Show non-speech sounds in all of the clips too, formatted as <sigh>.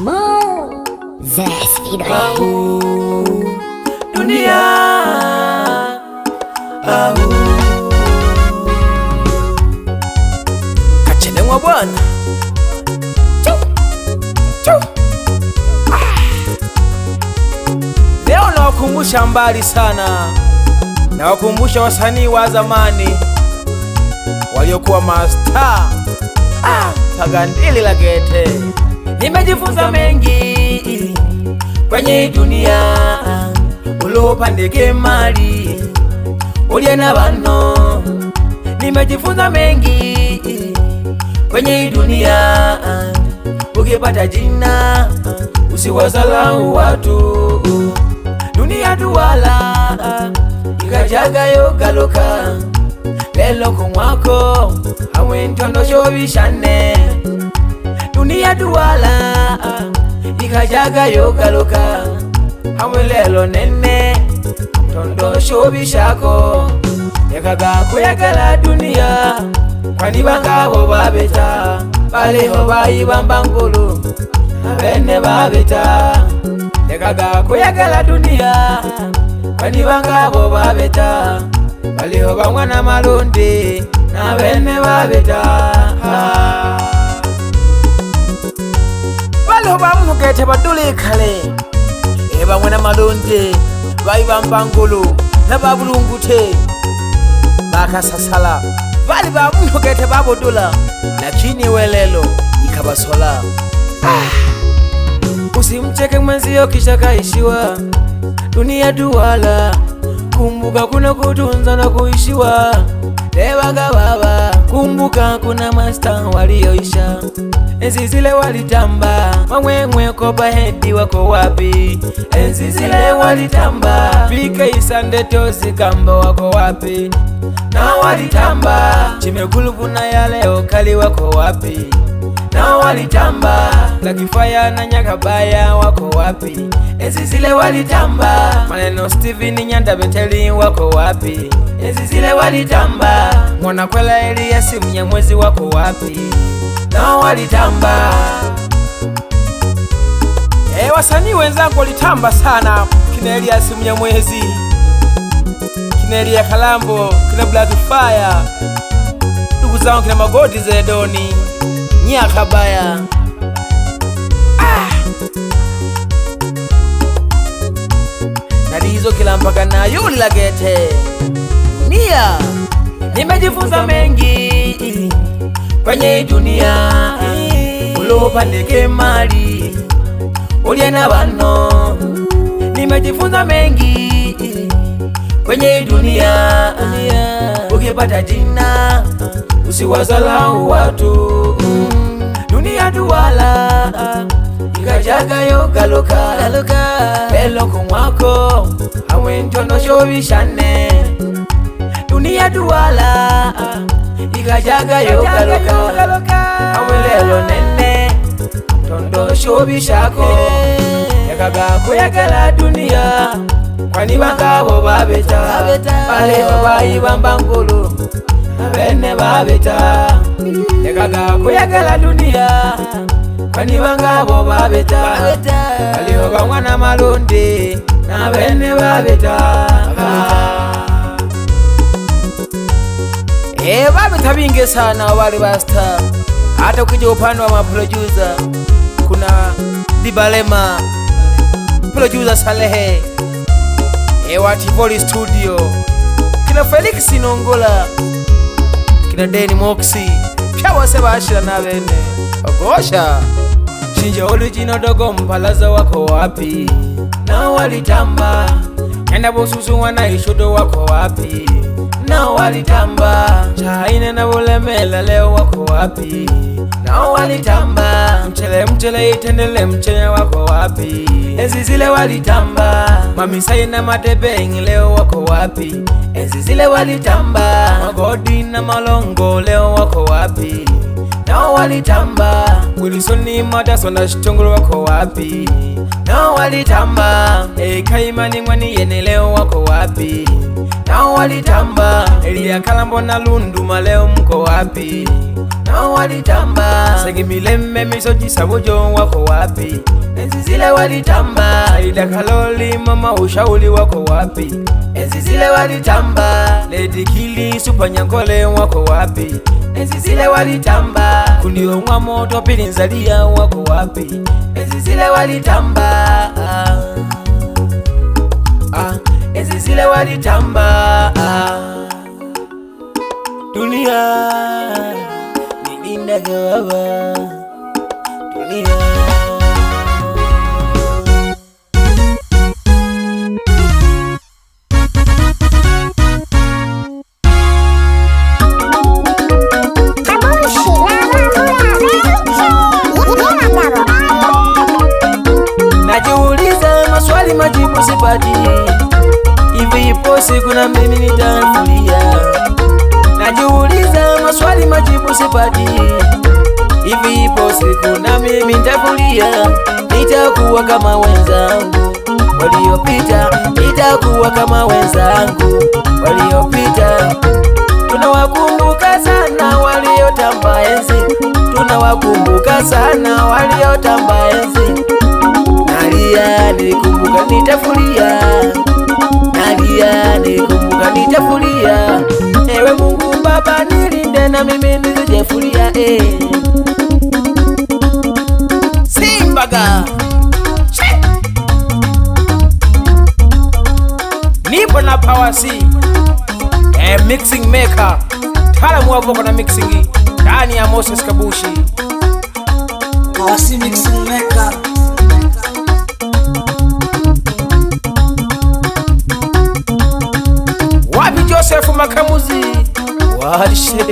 Mo Zes Kidole Dunia Au bwana Leo nawakumbusha mbali sana, nawakumbusha wasanii wa zamani waliokuwa mastaa. Ah, pagandili la gete Nimejifunza mengi kwenye dunia, ulopande kemali ulye na bano. Nimejifunza mengi kwenye dunia, ukipata jina usiwazalau watu. Dunia duwala ikajaga galuka lelo kumwako hamwentondosho bishane dunia duwala ikajaga galuka hamwe nene tondo shobi shako yakaga kuyagala dunia kwani bangabo babeta baleho bayibamba nkulu abene babeta yakaga kuyagala dunia kwani bangabo babeta baleho bang'wana malundi nabene babeta ha vanhu va mugete va e van'we na malonde va yiva e mbangolo na va vulungute va ka sasala vali va mugete lakini welelo ikabasola e ah. usimcheke mwenzio kisha kaishiwa e dunia duwala kumbuka kuna kutunza na kuishiwa devanga baba Kumbuka kuna masta walioisha, enzi zile walitamba, wamwemwe koba hedi wako wapi? Enzi zile walitamba, Vika Isande tosi Kamba wako wapi? Na walitamba, Chimekulu kuna ya leo kali wako wapi? nao walitamba, Fire na Nyakabaya wako wapi? Ezi zile walitamba, Maneno Steve ni Nyanda Beteli wako wapi? Ezi zile walitamba, Mwanakwela Elias Mnyamwezi wako wapi? Nao walitamba. Hey, eh, wasanii wenzangu walitamba sana, kina Elias Mnyamwezi, kina Elia Kalambo, kina Blackfire, ndugu zangu kina Magodi Zedoni Nyakabaya ah! Nalizo kila mpaka na yuli gete. dunia, nimejifunza mengi kwenye dunia ulopandeke mali ulye na bano, nimejifunza mengi kwenye dunia ukipata jina usiwazalau watu duwala ikajagayo galuka beloku mwako awenjono shobishane duniya duwala ikajagayo galuka awelelo nene ntondo shobishako yakagakoyagala dunia kwani bakabo babeta bale babayibamba ngulu bene babeta lekaga kuyagala dunia bani bangabo babeta baliho banywa n'amalundi na bene babeta ee babeta bingi sana wali basta hata ukija upande wa maprodusa kuna bibalema producer Salehe ewa eh, Tivoli Studio kina Felix Nongola kina deni moksi bose bashira na bene bagosha shinje orijino dogo mpalaza wako wapi na walitamba nenda bususu wana ishudo wako wapi na walitamba chaine na bulemela leo wako wapi nao walitamba, mchele mchele itendele, mchele wako wapi? Enzi zile walitamba, mamisai na ingi leo wako wapi? Enzi zile walitamba, magodi na malongo leo wako wapi? Nao walitamba, Wilisoni Mataso na shitongulu wako wapi? Nao walitamba, eh, kaimani Mwani Yene leo wako wapi? Nao walitamba, Elia Kalambo na Lunduma leo mko wapi? nao walitamba. Segimileme misoji sawojo wako wapi? Enzi zile walitamba. Saida Kaloli mama ushauri wako wapi? Enzi zile walitamba. Lady Kili Supa Nyangole wako wapi? Enzi zile walitamba. Kundio mwa moto pili nzalia wako wapi? Enzi zile walitamba. Ah, ah. enzi zile walitamba. Ah. Dunia daga baba dunia Najiuliza maswali majibu sipati, hivi ipo siku na mimi nitaangulia najiuliza maswali majibu sipati. Hivi ipo siku na mimi nitakulia, nitakuwa kama wenzangu waliopita, nitakuwa kama wenzangu waliopita. Tunawakumbuka sana waliotamba enzi, tunawakumbuka sana waliotamba enzi. Nalia nilikumbuka nitafulia, nalia nikumbuka, nitafulia Ewe Mungu Baba nilinde na mimi nisijefuria eh. Simbaga nipo na Power C eh, mixing maker mtaalamu wa vocal na mixing ndani ya Moses Kabushi Power C mixing maker Yosefu Makamuzi warishe yeah.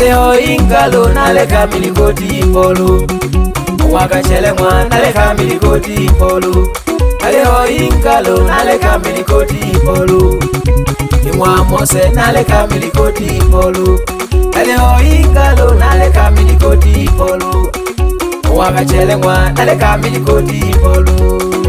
Leo ingalo naleka miligodi polo wakachelemwa naleka miligodi polo Leo ingalo naleka miligodi polo wa mose naleka milikoti polu ele oikalo naleka milikoti polu wa mecelengwa naleka milikoti polu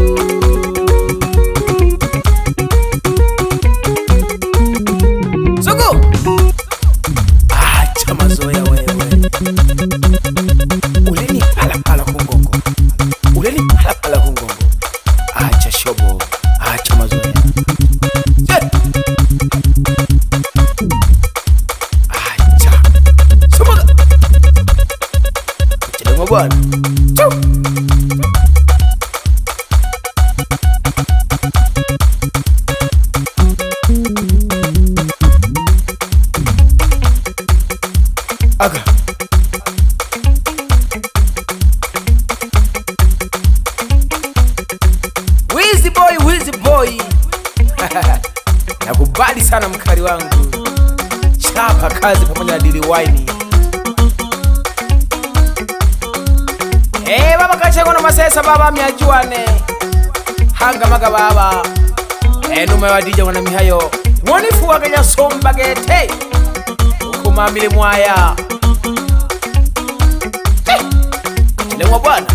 cheko masesa baba myajuane hanga maga baba enuma wadija wana mihayo mwonifu wakaja somba gete ukumamile mwaya lemwa bwana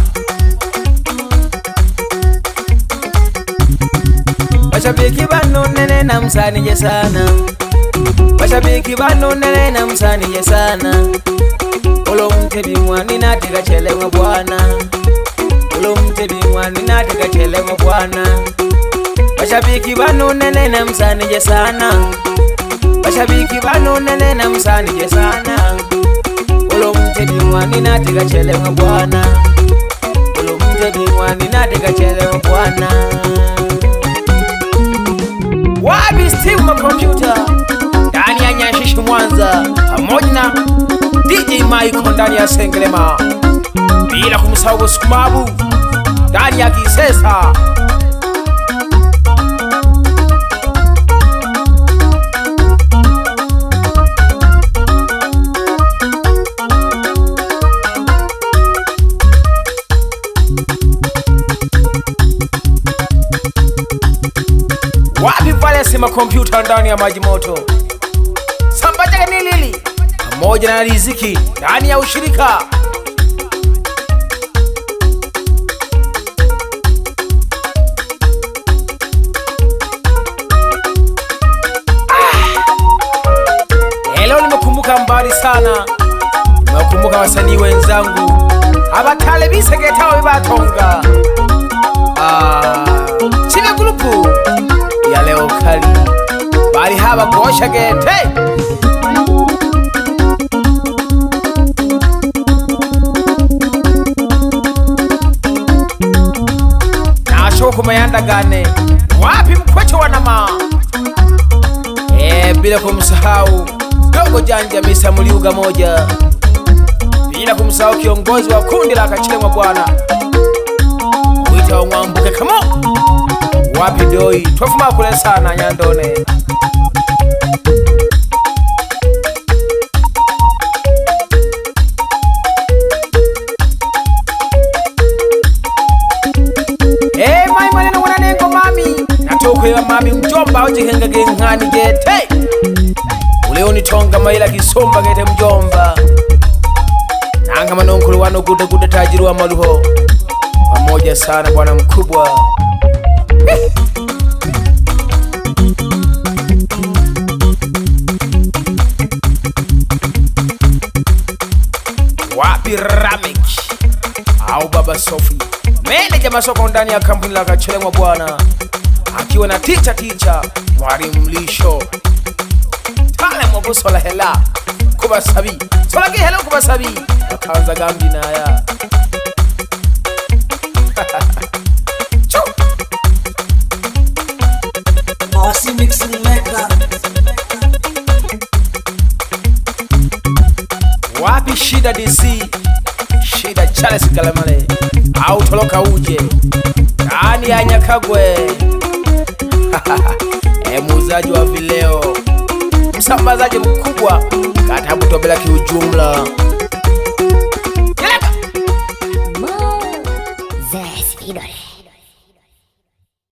Washabiki bano nene na msanije sana Washabiki bano nene na msanije sana Ulo mtebi mwani natira chelewa bwana Lumtidi mwanina tika chele mwana Bashabiki banu nene na msanije sana Bashabiki banu nene na msanije sana Ulumtidi mwanina tika chele mwana Ulumtidi mwanina tika chele mwana Wabi Steam Computer ndani ya Nyashishi Mwanza pamoja na DJ Mike ndani ya Sengerema bila kumsahau Sumabu ndani ya kisesa wapi pale sima kompyuta ndani ya maji moto sambachake nilili pamoja na riziki ndani ya ushirika yangu abatale bisegeetawe batonga chive ah, gulupu ya leo kali bariho abagoshagete nashoka mayandagane wapi mkwecho wanama e, eh, bila kumsahau dogo janja misa muliuga moja kiongozi wa kundi la Kachilema bwana uita Mwambuke, kama wapi doi twafuma kule sana Nyandone kukweva mami mjomba gete maila kisomba kete mjomba Changamano mkulu wano gude gude tajiri wa maluho pamoja sana bwana mkubwa wapi Ramik au Baba Sofi, meneja masoko ndani ya kampuni la Kachelemwa bwana, akiwa na ticha ticha mwalimu mlisho tale mwaguso la hela kubasabi hello kubasabi akanza gambi naya Bossy <laughs> wapi shida DC shida Charles Kalamale au toloka uje ndani ya Nyakagwe <laughs> e muuzaji wa vileo msambazaji mkubwa katika Butobela kiujumla.